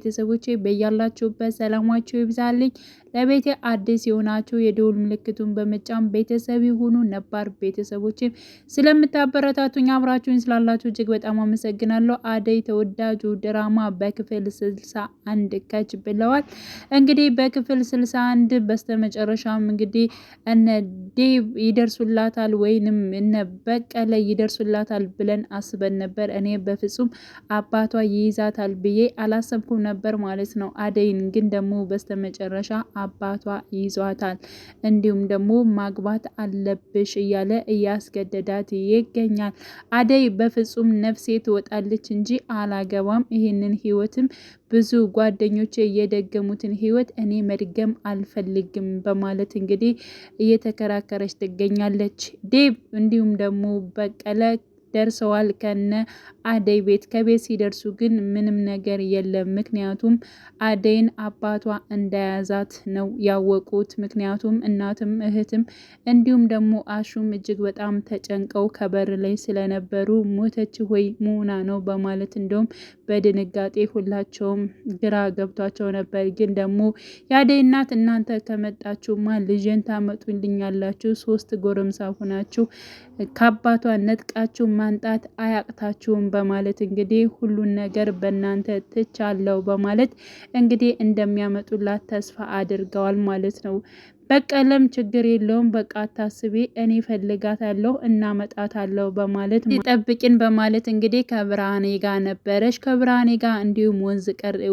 ቤተሰቦቼ በያላችሁበት ሰላማችሁ ይብዛልኝ። ለቤቴ አዲስ የሆናችሁ የደውል ምልክቱን በመጫን ቤተሰብ የሆኑ ነባር ቤተሰቦችም ስለምታበረታቱኝ አብራችሁኝ ስላላችሁ እጅግ በጣም አመሰግናለሁ። አደይ ተወዳጁ ድራማ በክፍል ስልሳ አንድ ከች ብለዋል። እንግዲህ በክፍል ስልሳ አንድ በስተመጨረሻም እንግዲህ እነ ዴቭ ይደርሱላታል ወይንም እነ በቀለ ይደርሱላታል ብለን አስበን ነበር። እኔ በፍጹም አባቷ ይይዛታል ብዬ አላሰብኩም ነበር። ነበር ማለት ነው። አደይን ግን ደግሞ በስተመጨረሻ አባቷ ይዟታል። እንዲሁም ደግሞ ማግባት አለብሽ እያለ እያስገደዳት ይገኛል። አደይ በፍጹም ነፍሴ ትወጣለች እንጂ አላገባም። ይህንን ህይወትም ብዙ ጓደኞቼ የደገሙትን ህይወት እኔ መድገም አልፈልግም በማለት እንግዲህ እየተከራከረች ትገኛለች። ዴቭ እንዲሁም ደግሞ በቀለ ደርሰዋል ከነ አደይ ቤት። ከቤት ሲደርሱ ግን ምንም ነገር የለም። ምክንያቱም አደይን አባቷ እንደያዛት ነው ያወቁት። ምክንያቱም እናትም እህትም እንዲሁም ደግሞ አሹም እጅግ በጣም ተጨንቀው ከበር ላይ ስለነበሩ ሞተች ወይ ሙና ነው በማለት እንደውም በድንጋጤ ሁላቸውም ግራ ገብቷቸው ነበር። ግን ደግሞ የአደይ እናት እናንተ ከመጣችሁማ ልጄን ታመጡልኛላችሁ፣ ሶስት ጎረምሳ ሁናችሁ ከአባቷ ነጥቃችሁ ማንጣት አያቅታችሁም በማለት እንግዲህ ሁሉን ነገር በእናንተ ትቻለው በማለት እንግዲህ እንደሚያመጡላት ተስፋ አድርገዋል ማለት ነው። በቀለም ችግር የለውም በቃ አታስቤ እኔ ፈልጋታለሁ እናመጣታለሁ በማለት ጠብቂን በማለት እንግዲህ ከብርሃኔ ጋር ነበረች። ከብርሃኔ ጋር እንዲሁም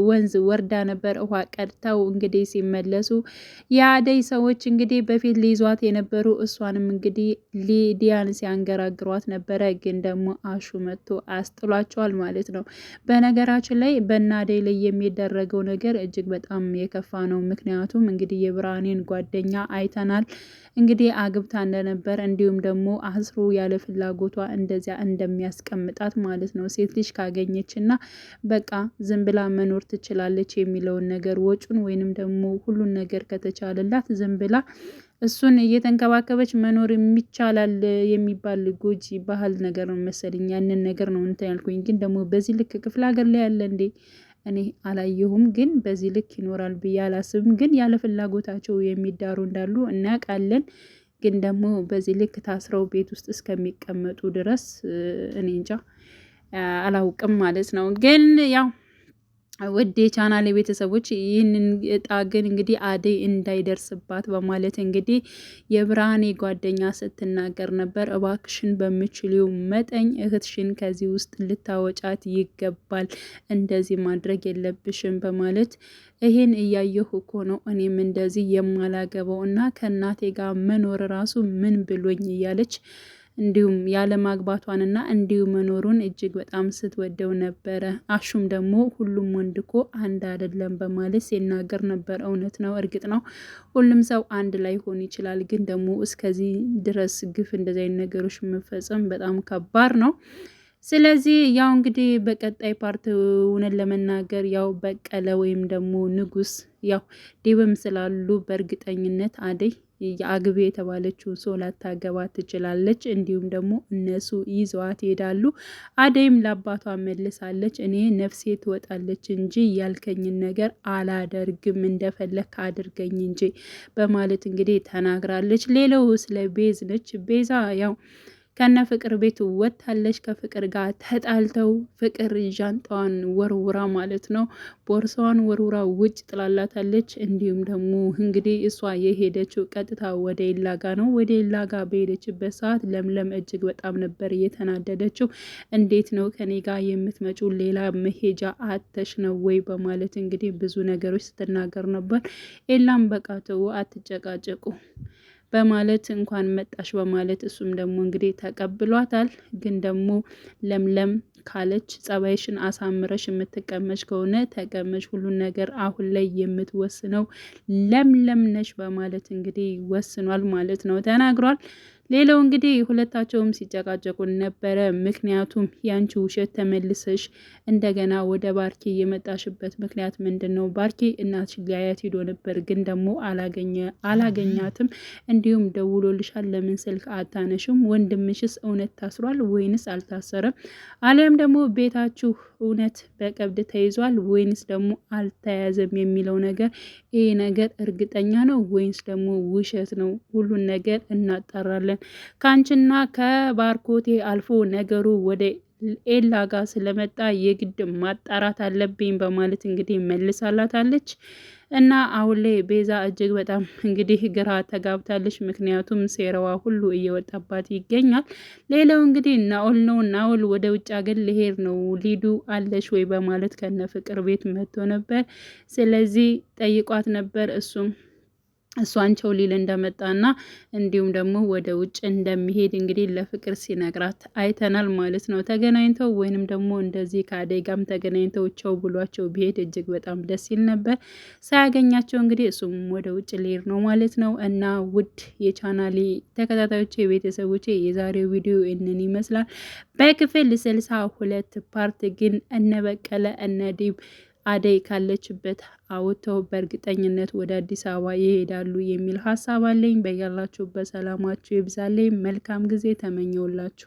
ወንዝ ወርዳ ነበር ውሃ ቀድተው እንግዲህ ሲመለሱ የአደይ ሰዎች እንግዲህ በፊት ሊይዟት የነበሩ እሷንም እንግዲህ ሊዲያን ሲያንገራግሯት ነበረ። ግን ደግሞ አሹ መጥቶ አስጥሏቸዋል ማለት ነው። በነገራችን ላይ በአደይ ላይ የሚደረገው ነገር እጅግ በጣም የከፋ ነው። ምክንያቱም እንግዲህ የብርሃኔን ጓደኛ ጓደኛ አይተናል። እንግዲህ አግብታ እንደነበር እንዲሁም ደግሞ አስሮ ያለ ፍላጎቷ እንደዚያ እንደሚያስቀምጣት ማለት ነው። ሴት ልጅ ካገኘች እና በቃ ዝም ብላ መኖር ትችላለች የሚለውን ነገር ወጩን ወይንም ደግሞ ሁሉን ነገር ከተቻለላት ዝም ብላ እሱን እየተንከባከበች መኖር የሚቻላል የሚባል ጎጂ ባህል ነገር ነው መሰለኝ። ያንን ነገር ነው እንትን ያልኩኝ። ግን ደግሞ በዚህ ልክ ክፍለ ሀገር ላይ ያለ እንዴ እኔ አላየሁም፣ ግን በዚህ ልክ ይኖራል ብዬ አላስብም። ግን ያለ ፍላጎታቸው የሚዳሩ እንዳሉ እናውቃለን። ግን ደግሞ በዚህ ልክ ታስረው ቤት ውስጥ እስከሚቀመጡ ድረስ እኔ እንጃ አላውቅም ማለት ነው። ግን ያው ውድ ቻናሌ ቤተሰቦች ይህንን እጣ ግን እንግዲህ አደይ እንዳይደርስባት በማለት እንግዲህ የብርሃኔ ጓደኛ ስትናገር ነበር። እባክሽን በምችሊው መጠኝ እህትሽን ከዚህ ውስጥ ልታወጫት ይገባል፣ እንደዚህ ማድረግ የለብሽም በማለት ይህን እያየሁ እኮ ነው እኔም እንደዚህ የማላገባው እና ከእናቴ ጋር መኖር ራሱ ምን ብሎኝ እያለች እንዲሁም ያለማግባቷንና እንዲሁ መኖሩን እጅግ በጣም ስትወደው ነበረ። አሹም ደግሞ ሁሉም ወንድ እኮ አንድ አይደለም በማለት ሲናገር ነበር። እውነት ነው፣ እርግጥ ነው ሁሉም ሰው አንድ ላይ ሆን ይችላል። ግን ደግሞ እስከዚህ ድረስ ግፍ እንደዚህ አይነት ነገሮች መፈጸም በጣም ከባድ ነው። ስለዚህ ያው እንግዲህ በቀጣይ ፓርት እውነት ለመናገር ያው በቀለ ወይም ደግሞ ንጉስ ያው ዲብም ስላሉ በእርግጠኝነት አደይ የአግቤ የተባለችውን ሰው ላታገባት ትችላለች። እንዲሁም ደግሞ እነሱ ይዘዋት ይሄዳሉ። አደይም ለአባቷ መልሳለች። እኔ ነፍሴ ትወጣለች እንጂ ያልከኝን ነገር አላደርግም፣ እንደፈለክ አድርገኝ እንጂ በማለት እንግዲህ ተናግራለች። ሌላው ስለ ቤዝ ነች። ቤዛ ያው ከነ ፍቅር ቤት ወጥታለች። ከፍቅር ጋር ተጣልተው ፍቅር ዣንጣዋን ወርውራ ማለት ነው ቦርሳዋን ወርውራ ውጭ ጥላላታለች። እንዲሁም ደግሞ እንግዲህ እሷ የሄደችው ቀጥታ ወደ ኤላጋ ነው። ወደ ኤላጋ በሄደችበት ሰዓት ለምለም እጅግ በጣም ነበር የተናደደችው። እንዴት ነው ከኔ ጋር የምትመጩ ሌላ መሄጃ አተሽ ነው ወይ በማለት እንግዲህ ብዙ ነገሮች ስትናገር ነበር። ኤላም በቃ ተው፣ አትጨቃጨቁ በማለት እንኳን መጣሽ በማለት እሱም ደግሞ እንግዲህ ተቀብሏታል። ግን ደግሞ ለምለም ካለች ጸባይሽን አሳምረሽ የምትቀመጭ ከሆነ ተቀመጭ፣ ሁሉን ነገር አሁን ላይ የምትወስነው ለምለም ነሽ በማለት እንግዲህ ወስኗል ማለት ነው ተናግሯል። ሌላው እንግዲህ ሁለታቸውም ሲጨቃጨቁ ነበረ። ምክንያቱም ያንቺ ውሸት ተመልሰሽ እንደገና ወደ ባርኬ የመጣሽበት ምክንያት ምንድን ነው? ባርኬ እናትሽ ሊያያት ሂዶ ነበር፣ ግን ደግሞ አላገኛትም። እንዲሁም ደውሎልሻል፣ ለምን ስልክ አታነሽም? ወንድምሽስ እውነት ታስሯል ወይንስ አልታሰረም? አሊያም ደግሞ ቤታችሁ እውነት በቀብድ ተይዟል ወይንስ ደግሞ አልተያዘም የሚለው ነገር ይሄ ነገር እርግጠኛ ነው ወይንስ ደግሞ ውሸት ነው? ሁሉን ነገር እናጠራለን። ከአንቺና ከባርኮቴ አልፎ ነገሩ ወደ ኤላ ጋር ስለመጣ የግድ ማጣራት አለብኝ በማለት እንግዲህ መልሳላታለች። እና አሁን ላይ ቤዛ እጅግ በጣም እንግዲህ ግራ ተጋብታለች። ምክንያቱም ሴረዋ ሁሉ እየወጣባት ይገኛል። ሌላው እንግዲህ ናኦል ነው። ናኦል ወደ ውጭ አገር ልሄድ ነው ሊዱ አለሽ ወይ በማለት ከነ ፍቅር ቤት መጥቶ ነበር። ስለዚህ ጠይቋት ነበር እሱም እሷን ቸው ሊል እንደመጣና እንዲሁም ደግሞ ወደ ውጭ እንደሚሄድ እንግዲህ ለፍቅር ሲነግራት አይተናል ማለት ነው። ተገናኝተው ወይንም ደግሞ እንደዚህ ከአደይ ጋም ተገናኝተው ቸው ብሏቸው ቢሄድ እጅግ በጣም ደስ ይል ነበር። ሳያገኛቸው እንግዲህ እሱም ወደ ውጭ ሊሄድ ነው ማለት ነው። እና ውድ የቻናሌ ተከታታዮች ቤተሰቦቼ የዛሬው ቪዲዮ ይህንን ይመስላል። በክፍል ስልሳ ሁለት ፓርት ግን እነበቀለ እነዲብ አደይ ካለችበት አውጥተው በእርግጠኝነት ወደ አዲስ አበባ ይሄዳሉ የሚል ሀሳብ አለኝ። በያላችሁበት ሰላማችሁ ይብዛልኝ። መልካም ጊዜ ተመኘውላችሁ።